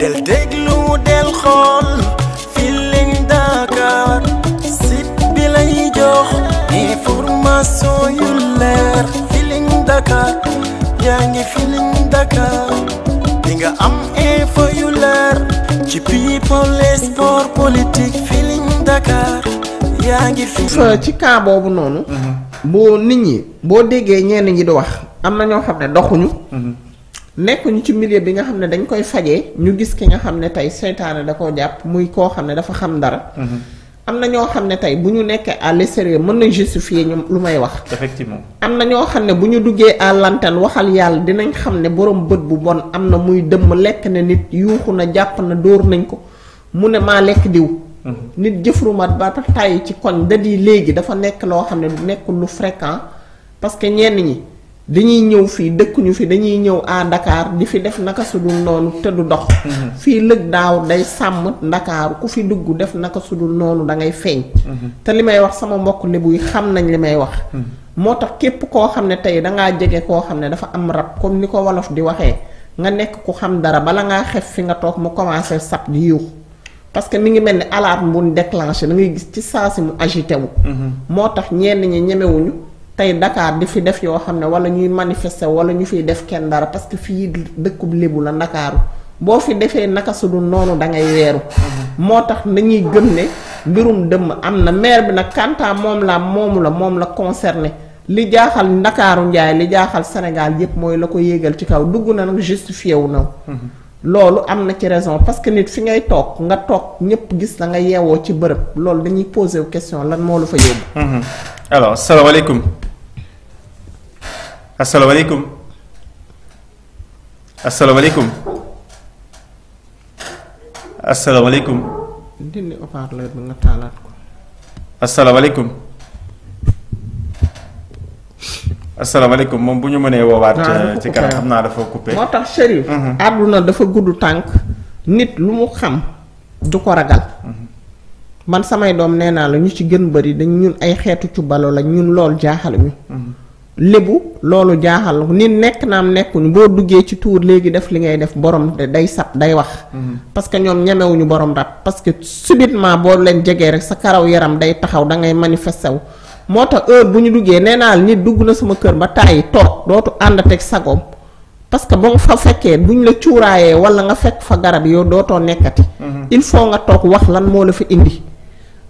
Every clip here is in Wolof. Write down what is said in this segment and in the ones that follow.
del déglu del xool Feeling Dakar site bi lay jox information yu leer Feeling Dakar yaa ngi Feeling Dakar di nga am info yu leer ci people et sport politique Feeling Dakar yaa ngi fi. ci cas boobu noonu. Mhm. boo nit ñi boo déggee ñenn ñi di wax am na ñoo xam ne doxuñu. Mhm. nekkuñu ci milieu bi nga xam ne dañ koy fajee ñu gis ki nga xam ne tey seytaane da koo jàpp muy koo xam ne dafa xam dara. Mhm. am na ñoo xam ne tey bu ñu nekkee à mën nañ justifier ñu lu may wax. effectivement am na ñoo xam ne bu ñu duggee à l'antenne waxal yàlla dinañ xam ne borom bët bu bon am na muy dëmm lekk na nit yuuxu na jàpp na dóor nañ ko mu ne maa lekk diw. Mhm. nit jëfrumat ba tàyyi ci koñ da di léegi dafa nekk loo xam ne du nekkul lu fréquent parce que ñenn ñi. dañuy ñëw fii dëkkuñu fi dañuy ñëw à ndakaar di fi def naka su dul noonu te du dox. Mhm. fii lëg daaw day sàmm ndakaaru ku fi dugg def naka su dul noonu da ngay feeñ. Mhm. te li may wax sama mbokk lébu yi xam nañ li may wax. Mhm. moo tax képp koo xam ne tey dangaa jege koo xam ne dafa am rab comme ni ko wolof di waxee nga nekk ku xam dara bala ngaa xef fi nga toog mu commencé sab di yuux parce que mi ngi mel ni alarme bu déclenché da ngay gis ci saa si mu agité wu. moo tax ñenn ñi ñemewuñu. tey Dakar di fi def yoo xam ne wala ñuy manifester wala ñu fiy def kenn dara parce que fii dëkkub lébu la Ndakaaru boo fi defee naka su noonu dangay weeru. moo tax nañuy gëm ne mbirum dëmm am na maire bi nag kantaa moom la moomu la moom la concerné li jaaxal Ndakaaru Njaay li jaaxal Sénégal yépp mooy la ko yéegal ci kaw dugg na nag justifié wu na. loolu am na ci raison parce que nit fi ngay toog nga toog ñépp gis la nga yeewoo ci bërëb loolu dañuy poser question lan moo la fa yóbbu. Mhm. alors asalaamaaleykum asalaamaaleykum asalaamaaleykum. dindi haut-parleur bi nga taalaat ko. asalaamaaleykum. moom bu ñu mënee woowaat. ci kanam xam naa dafa coupé. moo tax Chérif. Mhm. àdduna dafa gudd tànk. nit lu mu xam du ko ragal. Mhm. man samay doom nee naa la ñu ci gën bari dañ ñun ay xeetu ci balo la ñun lool jaaxal ñu. Mhm. lébu loolu jaaxal nit nekk naam nekkuñu boo duggee ci tuur léegi def li ngay def borom day sab day wax. Mm-hmm. parce que ñoom ñemewuñu borom rab parce que subitement boo leen jegee rek sa karaw yaram day taxaw dangay ngay wu. moo tax heure bu ñu duggee nee naa nit dugg na sama kër ba tàyyi toog dootu ànd teg sagoom parce que ba nga fa fekkee bu ñu la cuuraayee wala nga fekk fa garab yow dootoo nekkati. Mm-hmm. il faut nga toog wax lan moo la fa indi.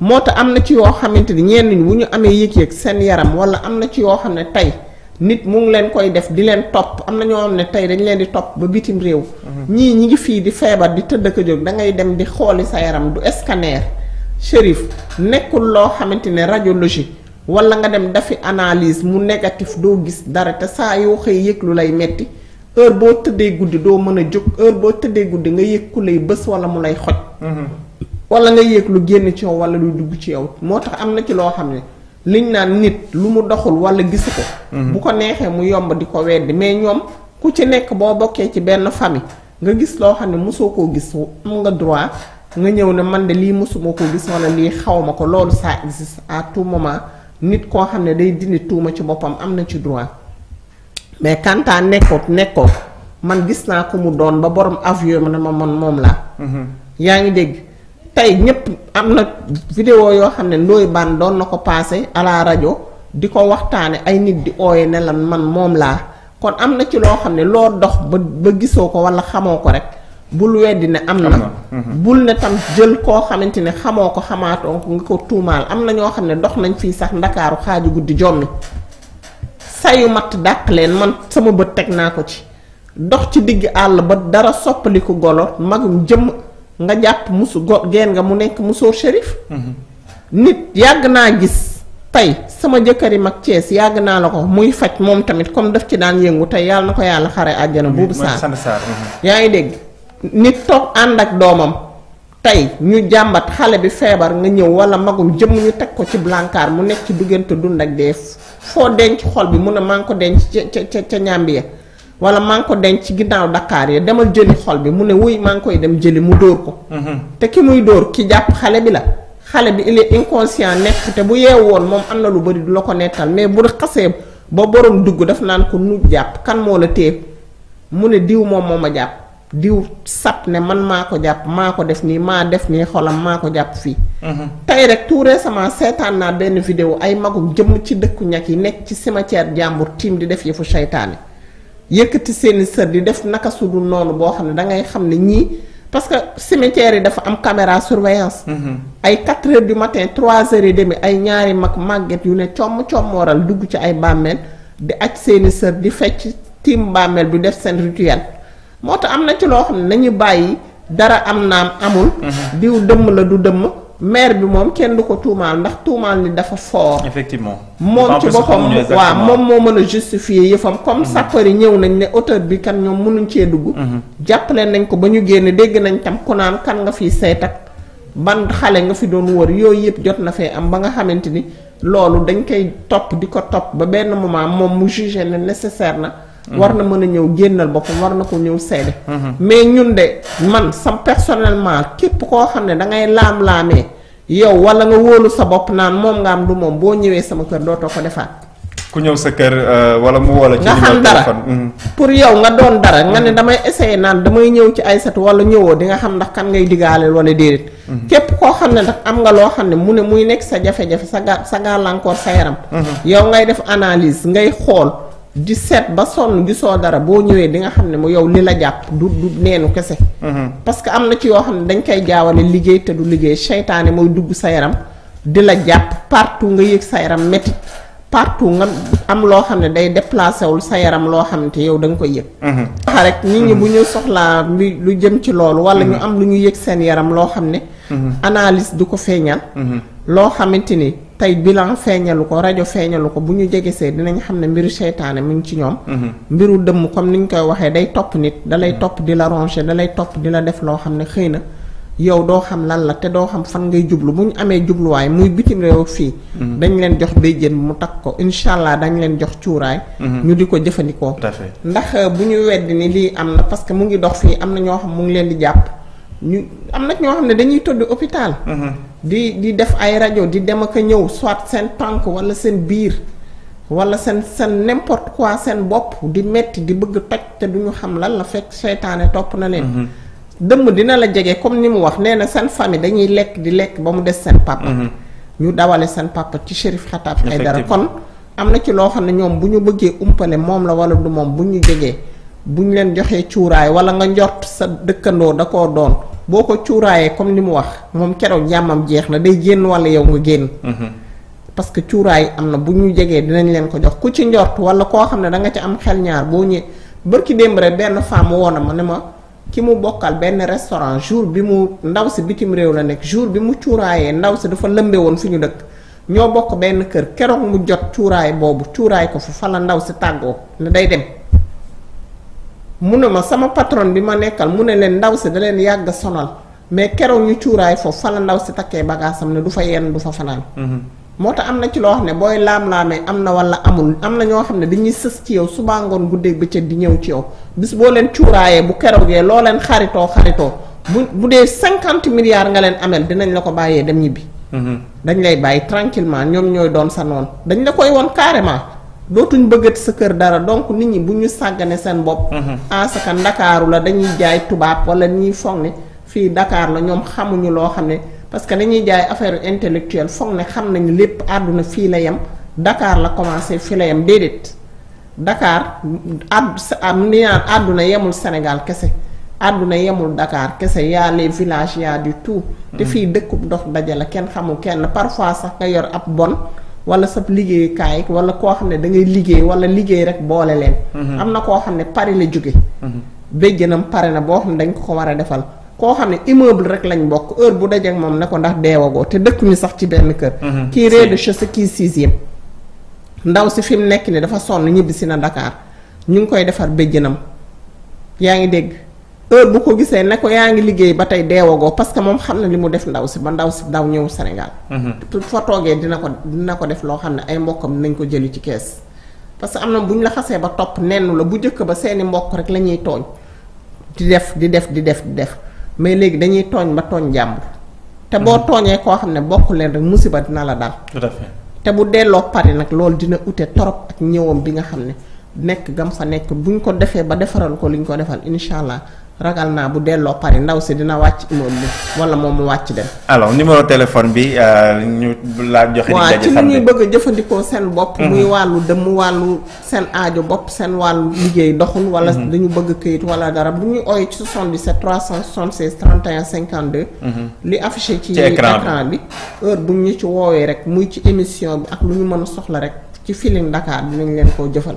moo tax am na ci yoo xamante ni ñenn ñi bu ñu amee yëg-yëg seen yaram wala am na ci yoo xam ne tey nit mu ngi leen koy def di leen topp am na ñoo xam ne tey dañ leen di topp ba bitim réew. Mhm. ñii ñi ngi fii di feebar di tëdd ak a jóg da ngay dem di xooli sa yaram du scanner. Chérif nekkul loo xamante ne radiologie wala nga dem dafi analyse mu négatif doo gis dara te saa yoo xëy yëg lu lay metti heure boo tëddee guddi doo mën a jóg heure boo tëddee guddi nga yëg ku bës wala mu lay xoj. Mhm. wala nga yéeg lu génn ci yow wala lu dugg ci yow moo tax am na ci loo xam ne liñ naan nit lu mu doxul wala gisu ko. Mhm. bu ko neexee mu yomb di ko weddi mais ñoom ku ci nekk boo bokkee ci benn famille nga gis loo xam ne mosoo koo gis am nga droit nga ñëw ne man de lii mosuma koo gis wala lii xaw ma ko loolu ça existe à tout moment nit koo xam ne day dindi tuuma ci boppam am na ci droit mais kantaa nekkoot nekkoot man gis naa ko mu doon ba borom avion na ma man moom laa. Mhm. yaa ngi dégg. tey ñëpp am na vidéo yoo xam ne Ndoye Bane doon na ko passé à rajo di ko waxtaane ay nit di ooye ne la man moom laa kon am na ci loo xam ne loo dox ba ba gisoo ko wala xamoo ko rek bul weddi ne am na mm-hmm. bul ne tam jël koo xamante ne xamoo ko xamaatoo nga ko tuumaal am na ñoo xam ne dox nañ fii sax ndakaaru xaaju guddi jommi sayu matt dàq leen man sama bët teg naa ko ci dox ci digg àll ba dara soppaliku golo magum jëmm nga jàpp musu go gen nga mu nekk musóor shérif. nit yàgg naa gis tey sama jëkkëri mag Cees yàgg naa la ko muy faj moom tamit comme daf ci daan yëngu tey yàlla na ko yàlla xare àjjana buubu saar mhm. yaa ngi dégg nit toog ànd ak doomam tey ñu jàmbat xale bi feebar nga ñëw wala magum jëmm ñu teg ko ci blancar mu nekk ci diggante dund ak dee foo denc xol bi mun a maa ngi ko denc ca ca ca ñàmbi ya wala maa ngi ko denc ci ginnaaw Dakar ya demal jëli xol bi mu ne wuy maa ngi koy dem jëli mu dóor ko. Mm-hmm. te ki muy dóor ki jàpp xale bi la. xale bi il est nekk te bu yeew woon moom a na lu bari du ko nettal mais bu xasee ba borom dugg daf naan ko nu jàpp kan moo la téye mu ne diw moom moo ma jàpp diw sap ne man maa ko jàpp maa ko def nii maa def nii xolam maa ko jàpp fii. Mm-hmm. tey rek tout récemment seetaan naa benn vidéo ay magum jëmm ci dëkku ñàkk yi nekk ci cimetière jàmbur tiim di def yëfu seytaane. yëkkati seen i sër di def naka su dul noonu boo xam ne da ngay xam ne ñii parce que cimetière yi dafa am caméra surveillance. Mhm. ay 4 heures du matin trois heures et demi ay ñaari mag màgget yu ne comm comm waral dugg ci ay bàmmeel di aj seeni i sër di fecc tiim bàmmeel bi def seen rituel moo tax am na ci loo xam ne nañu bàyyi dara am naam amul. Mhm. diw dëmm la du dëmm. maire bi moom kenn du ko tuumaal ndax tuumaal ni dafa fort. effectivement moom ci boppam waaw moom moo mën a justifier yëfam comme mhm. sapeur yi ñëw nañ ne auteur bi kan ñoom mënuñ cee dugg. Mhm. jàppale nañ ko ba ñu génn dégg nañ tam ku naan kan nga fiy seet ak ban xale nga fi doon wër yooyu yëpp jot na fee am ba nga xamante ni loolu dañ koy topp di ko topp ba benn moment moom mu jugé ne nécessaire na. Mm-hmm. war na mën a ñëw génnal boppam war na ko ñëw seede mm-hmm. mais ñun de man sam personnellement képp koo xam ne dangay laam-laamee yow wala nga wóolu sa bopp naan moom nga am du moom boo ñëwee sama kër dootoo ko defaat ku ñëw sa kër euh, wala mu wala. ci numéro téléphone mm-hmm. pour yow nga doon dara nga ne damay essayer naan damay ñëw ci ay sat wala ñëwoo di nga xam ndax kan ngay digaaleel wala déedéet. képp koo xam ne ndax am nga loo xam ne mu ne muy nekk sa jafe-jafe sa ga sa gàllankoor sa yaram. yow ngay def di seet ba sonn soo dara boo ñëwee di nga xam ne mu yow li la jàpp du du neenu kese. Mm-hmm. parce que am na ci yoo xam ne dañ koy jaawale liggéey te du liggéey seytaane mooy dugg sa yaram di la jàpp partout nga yëg sa yaram métti partout nga am loo xam ne day déplacé wul sa yaram loo xam te yow da nga koy yëg. wax mhm. rek nit ñi mhm. bu ñu soxlaa lu jëm ci loolu. wala ñu mhm. am lu ñu yëg seen yaram loo xam ne. analyse du ko feeñal. loo xamante ni tey bilan feeñalu ko rajo feeñalu ko bu ñu jegesee dinañ xam ne mbiru seytaane mu ngi ci ñoom. mbiru dëmm comme ni ñu koy waxee day topp nit. da lay topp di la ronger da lay topp di la def loo xam ne xëy na. yow doo xam lan la te doo xam fan ngay jublu bu ñu amee jubluwaay muy bitim réew fii. Mhm. dañ leen jox béjjén mu takk ko incha allah dañ leen jox cuuraay. Mhm. ñu di ko jëfandikoo. ndax euh, bu ñu weddi ni lii am na parce que mu ngi dox fii am na ñoo xam mu ngi leen di jàpp ñu am na ñoo xam ne dañuy todd hôpital. Mhm. di di def ay rajo di dem ak ñëw soit seen tànk wala seen biir. wala seen seen n'importe quoi seen bopp di metti di bëgg toj te duñu xam lan la fekk seytaane topp na leen. dëmm dina la jege comme ni mu wax nee na seen famille dañuy lekk di lekk ba mu des seen papa. Mhm. ñu dawale seen papa ci Chérif Khatab dara kon am na ci loo xam ne ñoom bu ñu bëggee umpale moom la wala du moom bu ñu jegee bu ñu leen joxee cuuraay wala nga njort sa dëkkandoo da koo doon boo ko cuuraayee comme ni mu wax moom keroog jàmmam jeex na day génn wala yow nga génn. Mhm. parce que cuuraay am na bu ñu jegee dinañu leen ko jox ku ci njort wala koo xam ne da nga ci am xel ñaar boo ñëwee bërki démb rek benn femme woon na ma ne ma. ki mu bokkal benn restaurant jour bi mu ndaw si bitim réew la nekk jour bi mu cuuraayee ndaw si dafa lëmbe woon fi ñu dëkk ñoo bokk benn kër keroog mu jot cuuraay boobu cuuraay ko fu fa la ndaw si tàggoo ne day dem mu ne ma sama patron bi ma nekkal mu ne leen ndaw si da leen yàgg sonal mais keroog ñu cuuraay foofu fa la ndaw si takkee bagaasam ne du fa yenn du fa fanaan mm-hmm. moo tax am na ci loo xam ne booy laam-laamee am na wala amul am na ñoo xam ne dañuy sës ci yow suba ngoon guddeeg bëccëg di ñëw ci yow bis boo leen cuuraayee bu keroogee loo leen xaritoo xaritoo bu bu dee cinquante milliards nga leen amel dinañ la ko bàyyee dem ñibbi. Mhm. dañ lay bàyyi tranquillement ñoom ñooy doon sa noon dañ la koy woon carrément dootuñ bëggat sa kër dara donc nit ñi bu ñu sàgganee seen bopp. asaka mhm. ndakaaru la dañuy jaay tubaab walla ñuy foog fii Dakar la ñoom xamuñu loo xam ne. parce que dañuy jaay affaire intellectuelle foog ne xam nañu lépp àdduna fii la yem dakaar la commencé fii la yem déedéet Dakar àdd ni naan àdduna yemul Sénégal kese àdduna yemul Dakar kese yaa les villages yaa du tout te mm. fii dëkkub dox daje kenn xamul kenn parfois sax nga yor ab bon wala sab liggéeyukaay wala koo xam ne da ngay liggéey wala liggéey rek boole leen mm-hmm. am na koo xam ne Paris la jóge mm-hmm. béjjënam pare na boo xam ne dañ ko ko war a defal koo xam ne immeuble rek lañ bokk heure bu dajeek moom ne ko ndax deewagoo te dëkk ñu sax ci benn kër. Mhm. kii rez-de-chaussée kii sixième. ndaw si fi mu nekk nii dafa sonn ñibbisi na ndakaar ñu ngi koy defar béjjënam yaa ngi dégg heure bu ko gisee ne ko yaa ngi liggéey ba tey deewagoo parce que moom xam na li mu def ndaw si ba ndaw si ñëw Sénégal. Mhm. fa toogee dina ko dina ko def loo xam ne ay mbokkam nañ ko jëli ci kees. parce que am na buñ laxasee ba topp nenn la bu njëkk ba seeni mbokk rek la ñuy di def di def di def def. mais léegi dañuy tooñ ba tooñ jàmbur. te boo mhm. tooñee koo xam ne bokk leen rek musiba dina la dal. tout te bu delloo pare nag loolu dina ute torop ak ñëwam bi nga xam ne nekk gam fa nekk buñ ko defee ba defaral ko liñ ko defal incha allah. ragal naa bu delloo Paris ndaw si dina wàcc immeuble bi wala moom mu wàcc dem. alors numéro téléphone bi euh, ñu laa joxe. waaw ci li ñuy bëgg a jëfandikoo seen bopp. Mhm. muy wàllu dëmm wàllu seen aajo bopp seen wàllu liggéey doxul. wala mhm. dañu bëgg këyit wala dara bu ñuy ooy ci 77 376 31 52. li affiché ci écran bi heure bu ñu ci woowee rek muy ci émission bi ak lu ñu mën soxla rek ci Feeling Dakar dinañ leen koo jëfal.